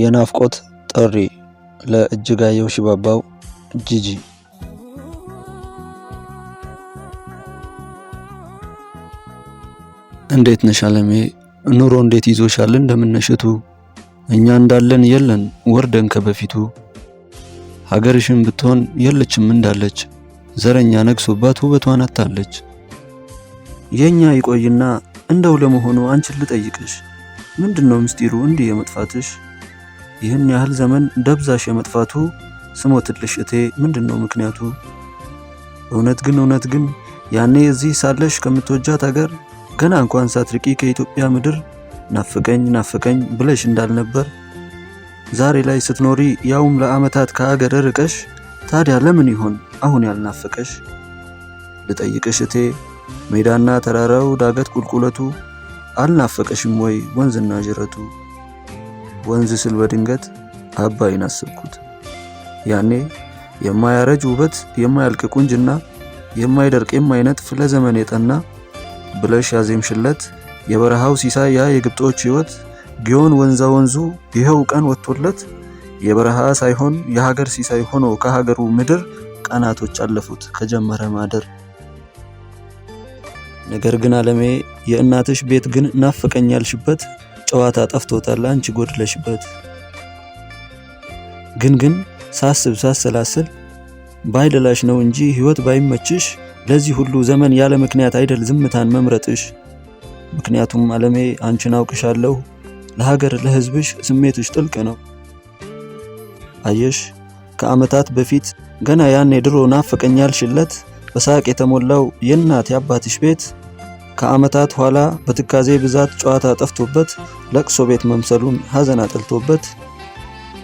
የናፍቆት ጥሪ ለእጅጋየሁ ሽባባው ጂጂ። እንዴት ነሽ አለሜ? ኑሮ እንዴት ይዞሻል? እንደምነሽቱ እኛ እንዳለን የለን ወርደን ከበፊቱ ሀገርሽን ብትሆን የለችም እንዳለች ዘረኛ ነግሶባት ውበቷን አታለች። የኛ ይቆይና እንደው ለመሆኑ አንቺን ልጠይቅሽ ምንድነው ምስጢሩ እንዲህ የመጥፋትሽ? ይህን ያህል ዘመን ደብዛሽ የመጥፋቱ ስሞትልሽ እቴ ምንድን ነው ምክንያቱ? እውነት ግን እውነት ግን ያኔ እዚህ ሳለሽ ከምትወጃት አገር ገና እንኳን ሳትርቂ ከኢትዮጵያ ምድር ናፍቀኝ ናፍቀኝ ብለሽ እንዳልነበር ዛሬ ላይ ስትኖሪ ያውም ለዓመታት ከአገር ርቀሽ ታዲያ ለምን ይሆን አሁን ያልናፈቀሽ? ልጠይቅሽ እቴ ሜዳና ተራራው ዳገት ቁልቁለቱ አልናፈቀሽም ወይ ወንዝና ጅረቱ? ወንዝ ስል በድንገት አባይን አሰብኩት። ያኔ የማያረጅ ውበት፣ የማያልቅ ቁንጅና፣ የማይደርቅ የማይነጥፍ ለዘመን የጠና ብለሽ ያዜምሽለት የበረሃው ሲሳይ ያ የግብጦች ሕይወት ጊዮን ወንዛ ወንዙ ይኸው ቀን ወጥቶለት የበረሃ ሳይሆን የሀገር ሲሳይ ሆኖ ከሀገሩ ምድር ቀናቶች አለፉት ከጀመረ ማደር። ነገር ግን አለሜ የእናትሽ ቤት ግን ናፍቀኛልሽበት ጨዋታ ጠፍቶታል አንቺ ጎድለሽበት። ግን ግን ሳስብ ሳሰላስል ባይደላሽ ነው እንጂ ህይወት ባይመችሽ ለዚህ ሁሉ ዘመን ያለ ምክንያት አይደል ዝምታን መምረጥሽ። ምክንያቱም አለሜ አንቺን አውቅሻለሁ። ለሀገር ለህዝብሽ ስሜትሽ ጥልቅ ነው። አየሽ ከአመታት በፊት ገና ያኔ ድሮ ናፍቀኛል ሽለት በሳቅ የተሞላው የእናት የአባትሽ ቤት ከዓመታት ኋላ በትካዜ ብዛት ጨዋታ ጠፍቶበት ለቅሶ ቤት መምሰሉን ሐዘን አጠልቶበት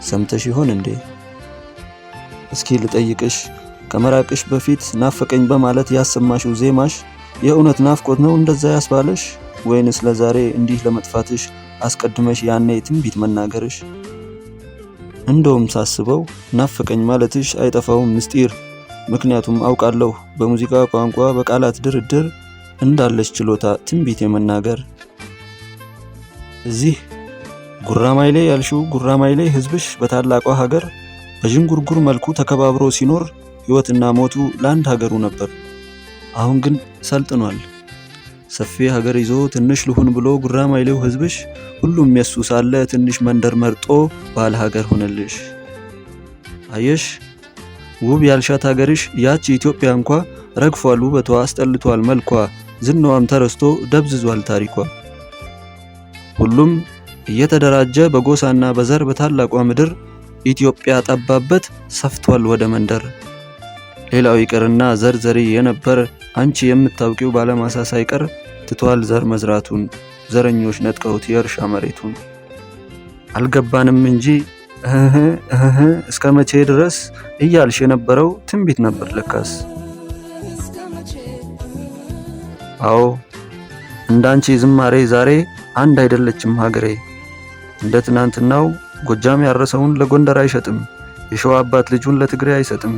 ሰምተሽ ይሆን እንዴ? እስኪ ልጠይቅሽ፣ ከመራቅሽ በፊት ናፈቀኝ በማለት ያሰማሽው ዜማሽ የእውነት ናፍቆት ነው እንደዛ ያስባለሽ ወይንስ ለዛሬ እንዲህ ለመጥፋትሽ አስቀድመሽ ያኔ ትንቢት መናገርሽ? እንደውም ሳስበው ናፈቀኝ ማለትሽ አይጠፋውም ምስጢር። ምክንያቱም አውቃለሁ በሙዚቃ ቋንቋ በቃላት ድርድር እንዳለች ችሎታ ትንቢት የመናገር እዚህ ጉራማይሌ ያልሽው ጉራማይሌ ህዝብሽ በታላቋ ሀገር በዥንጉርጉር መልኩ ተከባብሮ ሲኖር ሕይወትና ሞቱ ለአንድ ሀገሩ ነበር። አሁን ግን ሰልጥኗል። ሰፊ ሀገር ይዞ ትንሽ ልሁን ብሎ ጉራማይሌው ህዝብሽ ሁሉም የሱ ሳለ ትንሽ መንደር መርጦ ባለ ሀገር ሆነልሽ። አየሽ ውብ ያልሻት ሀገርሽ ያች ኢትዮጵያ እንኳ ረግፏል ውበቷ አስጠልቷል መልኳ ዝናዋም ተረስቶ ደብዝዟል ታሪኳ። ሁሉም እየተደራጀ በጎሳና በዘር በታላቋ ምድር ኢትዮጵያ ጠባበት ሰፍቷል ወደ መንደር። ሌላው ይቅርና ዘር ዘሪ የነበር አንቺ የምታውቂው ባለማሳ ሳይቀር ትቷል ዘር መዝራቱን ዘረኞች ነጥቀውት የእርሻ መሬቱን። አልገባንም እንጂ እህ እስከ መቼ ድረስ እያልሽ የነበረው ትንቢት ነበር ለካስ። አዎ እንዳንቺ ዝማሬ ዛሬ አንድ አይደለችም ሀገሬ። እንደ ትናንትናው ጎጃም ያረሰውን ለጎንደር አይሸጥም፣ የሸዋ አባት ልጁን ለትግሬ አይሰጥም፣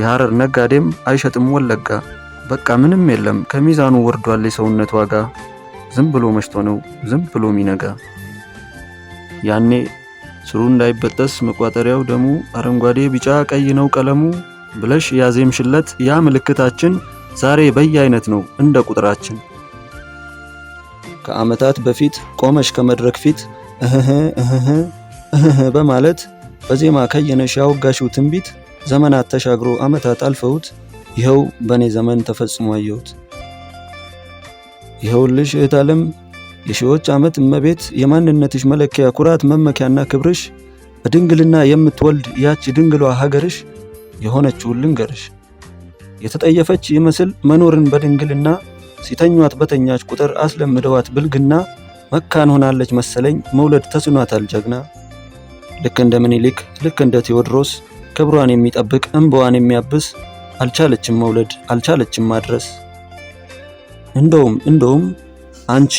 የሐረር ነጋዴም አይሸጥም ወለጋ። በቃ ምንም የለም ከሚዛኑ ወርዷል የሰውነት ዋጋ። ዝም ብሎ መሽቶ ነው ዝም ብሎ ሚነጋ። ያኔ ስሩ እንዳይበጠስ መቋጠሪያው ደሙ፣ አረንጓዴ ቢጫ ቀይ ነው ቀለሙ ብለሽ ያዜምሽለት ያ ምልክታችን ዛሬ በየአይነት ነው እንደ ቁጥራችን። ከዓመታት በፊት ቆመሽ ከመድረክ ፊት እህህ እህህ እህህ በማለት በዜማ ከየነሽ ያወጋሽው ትንቢት ዘመናት ተሻግሮ ዓመታት አልፈውት ይኸው በእኔ ዘመን ተፈጽሞ አየሁት። ይኸውልሽ እህት ዓለም የሺዎች ዓመት እመቤት የማንነትሽ መለኪያ ኩራት መመኪያና ክብርሽ በድንግልና የምትወልድ ያቺ ድንግሏ ሀገርሽ የሆነችውን ልንገርሽ። የተጠየፈች ይመስል መኖርን በድንግልና ሲተኟት በተኛች ቁጥር አስለምደዋት ብልግና መካን ሆናለች መሰለኝ መውለድ ተስኗታል ጀግና። ልክ እንደ ምኒልክ ልክ እንደ ቴዎድሮስ ክብሯን የሚጠብቅ እንባዋን የሚያብስ አልቻለችም መውለድ አልቻለችም ማድረስ። እንደውም እንደውም አንቺ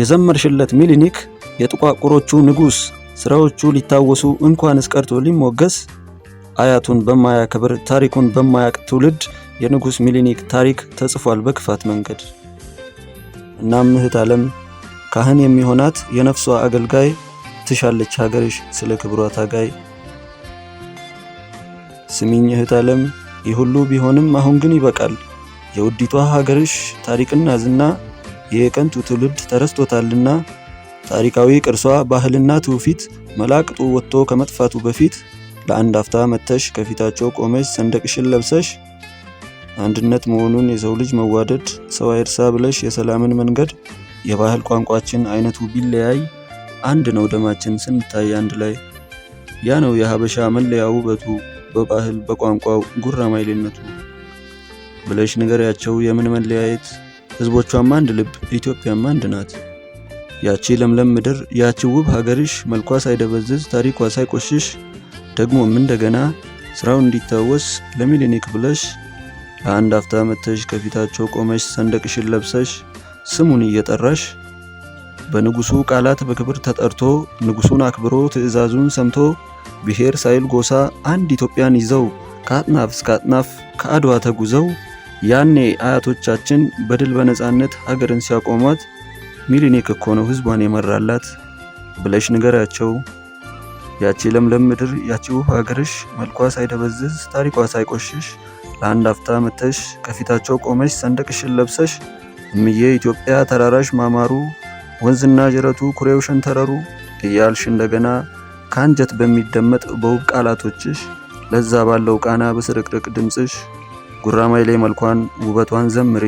የዘመርሽለት ሚሊኒክ የጥቋቁሮቹ ንጉሥ ስራዎቹ ሊታወሱ እንኳንስ ቀርቶ ሊሞገስ አያቱን በማያከብር ታሪኩን በማያቅ ትውልድ የንጉሥ ሚሊኒክ ታሪክ ተጽፏል በክፋት መንገድ። እናም እህት ዓለም ካህን የሚሆናት የነፍሷ አገልጋይ ትሻለች ሀገርሽ ስለ ክብሯ ታጋይ። ስሚኝ እህት ዓለም ይህ ሁሉ ቢሆንም አሁን ግን ይበቃል። የውዲቷ ሀገርሽ ታሪክና ዝና የቀንቱ ትውልድ ተረስቶታልና ታሪካዊ ቅርሷ ባህልና ትውፊት መላቅጡ ወጥቶ ከመጥፋቱ በፊት ለአንድ አፍታ መጥተሽ ከፊታቸው ቆመሽ ሰንደቅሽን ለብሰሽ አንድነት መሆኑን የሰው ልጅ መዋደድ ሰው አይርሳ ብለሽ የሰላምን መንገድ የባህል ቋንቋችን አይነቱ ቢለያይ አንድ ነው ደማችን ስንታይ አንድ ላይ። ያ ነው የሀበሻ መለያ ውበቱ በባህል በቋንቋው ጉራማይሌነቱ ብለሽ ንገሪያቸው የምን መለያየት። ህዝቦቿም አንድ ልብ ኢትዮጵያም አንድ ናት። ያቺ ለምለም ምድር ያቺ ውብ ሀገርሽ መልኳ ሳይደበዝዝ ታሪኳ ሳይቆሽሽ ደግሞም እንደገና ስራው እንዲታወስ ለሚሊኒክ ብለሽ ከአንድ አፍታ መተሽ ከፊታቸው ቆመሽ ሰንደቅሽን ለብሰሽ ስሙን እየጠራሽ በንጉሱ ቃላት በክብር ተጠርቶ ንጉሱን አክብሮ ትዕዛዙን ሰምቶ ብሔር ሳይል ጎሳ አንድ ኢትዮጵያን ይዘው ከአጥናፍ እስከ አጥናፍ ከአድዋ ተጉዘው ያኔ አያቶቻችን በድል በነፃነት ሀገርን ሲያቆሟት ሚሊኒክ እኮ ነው ህዝቧን የመራላት ብለሽ ንገራቸው። ያቺ ለምለም ምድር ያቺ ውብ ሀገርሽ መልኳ ሳይደበዝዝ ታሪኳ ሳይቆሽሽ ለአንድ አፍታ መተሽ ከፊታቸው ቆመሽ ሰንደቅሽን ለብሰሽ እምዬ ኢትዮጵያ ተራራሽ ማማሩ ወንዝና ጅረቱ ኩሬው ሸንተረሩ እያልሽ እንደገና ከአንጀት በሚደመጥ በውብ ቃላቶችሽ ለዛ ባለው ቃና በስርቅርቅ ድምፅሽ ጉራማይሌ መልኳን ውበቷን ዘምሪ፣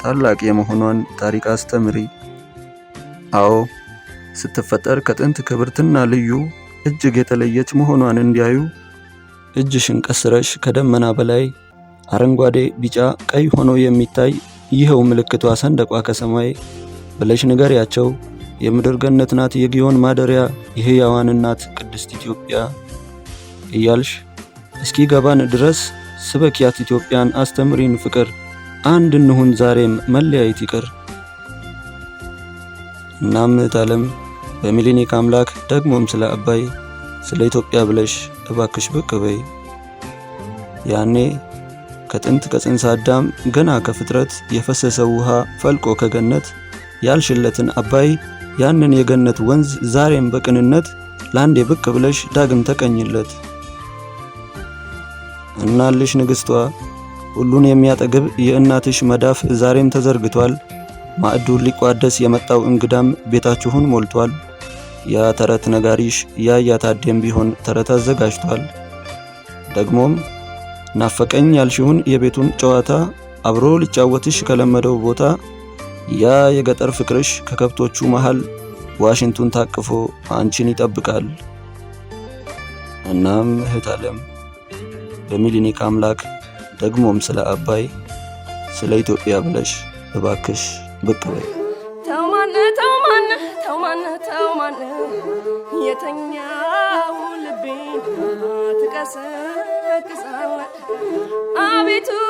ታላቅ የመሆኗን ታሪክ አስተምሪ። አዎ ስትፈጠር ከጥንት ክብርትና ልዩ እጅግ የተለየች መሆኗን እንዲያዩ እጅሽን ቀስረሽ ከደመና በላይ አረንጓዴ፣ ቢጫ፣ ቀይ ሆኖ የሚታይ ይኸው ምልክቷ ሰንደቋ ከሰማይ ብለሽ ንገሪያቸው የምድር ገነት ናት የጊዮን ማደሪያ የሕያዋን ናት ቅድስት ኢትዮጵያ እያልሽ እስኪ ገባን ድረስ ስበኪያት ኢትዮጵያን አስተምሪን ፍቅር አንድ እንሁን ዛሬም መለያየት ይቅር። እናም እህት ዓለም በሚሊኒክ አምላክ ደግሞም ስለ አባይ ስለ ኢትዮጵያ ብለሽ እባክሽ ብቅ በይ ያኔ ከጥንት ከጽንሰ አዳም ገና ከፍጥረት የፈሰሰ ውሃ ፈልቆ ከገነት ያልሽለትን አባይ ያንን የገነት ወንዝ ዛሬም በቅንነት ለአንዴ ብቅ ብለሽ ዳግም ተቀኝለት። እናልሽ ንግሥቷ ሁሉን የሚያጠግብ የእናትሽ መዳፍ ዛሬም ተዘርግቷል። ማዕዱ ሊቋደስ የመጣው እንግዳም ቤታችሁን ሞልቷል። ያ ተረት ነጋሪሽ ያ ያታደም ቢሆን ተረት አዘጋጅቷል። ደግሞም ናፈቀኝ ያልሽውን የቤቱን ጨዋታ አብሮ ሊጫወትሽ ከለመደው ቦታ ያ የገጠር ፍቅርሽ ከከብቶቹ መሃል ዋሽንቱን ታቅፎ አንቺን ይጠብቃል። እናም እህት አለም በሚሊኒክ አምላክ ደግሞም ስለ አባይ ስለ ኢትዮጵያ ብለሽ እባክሽ ብቅ በይ። ተውማነ ተውማነ ተውማነ ተውማነ የተኛው ልቤ ትቀስ I I'll be too.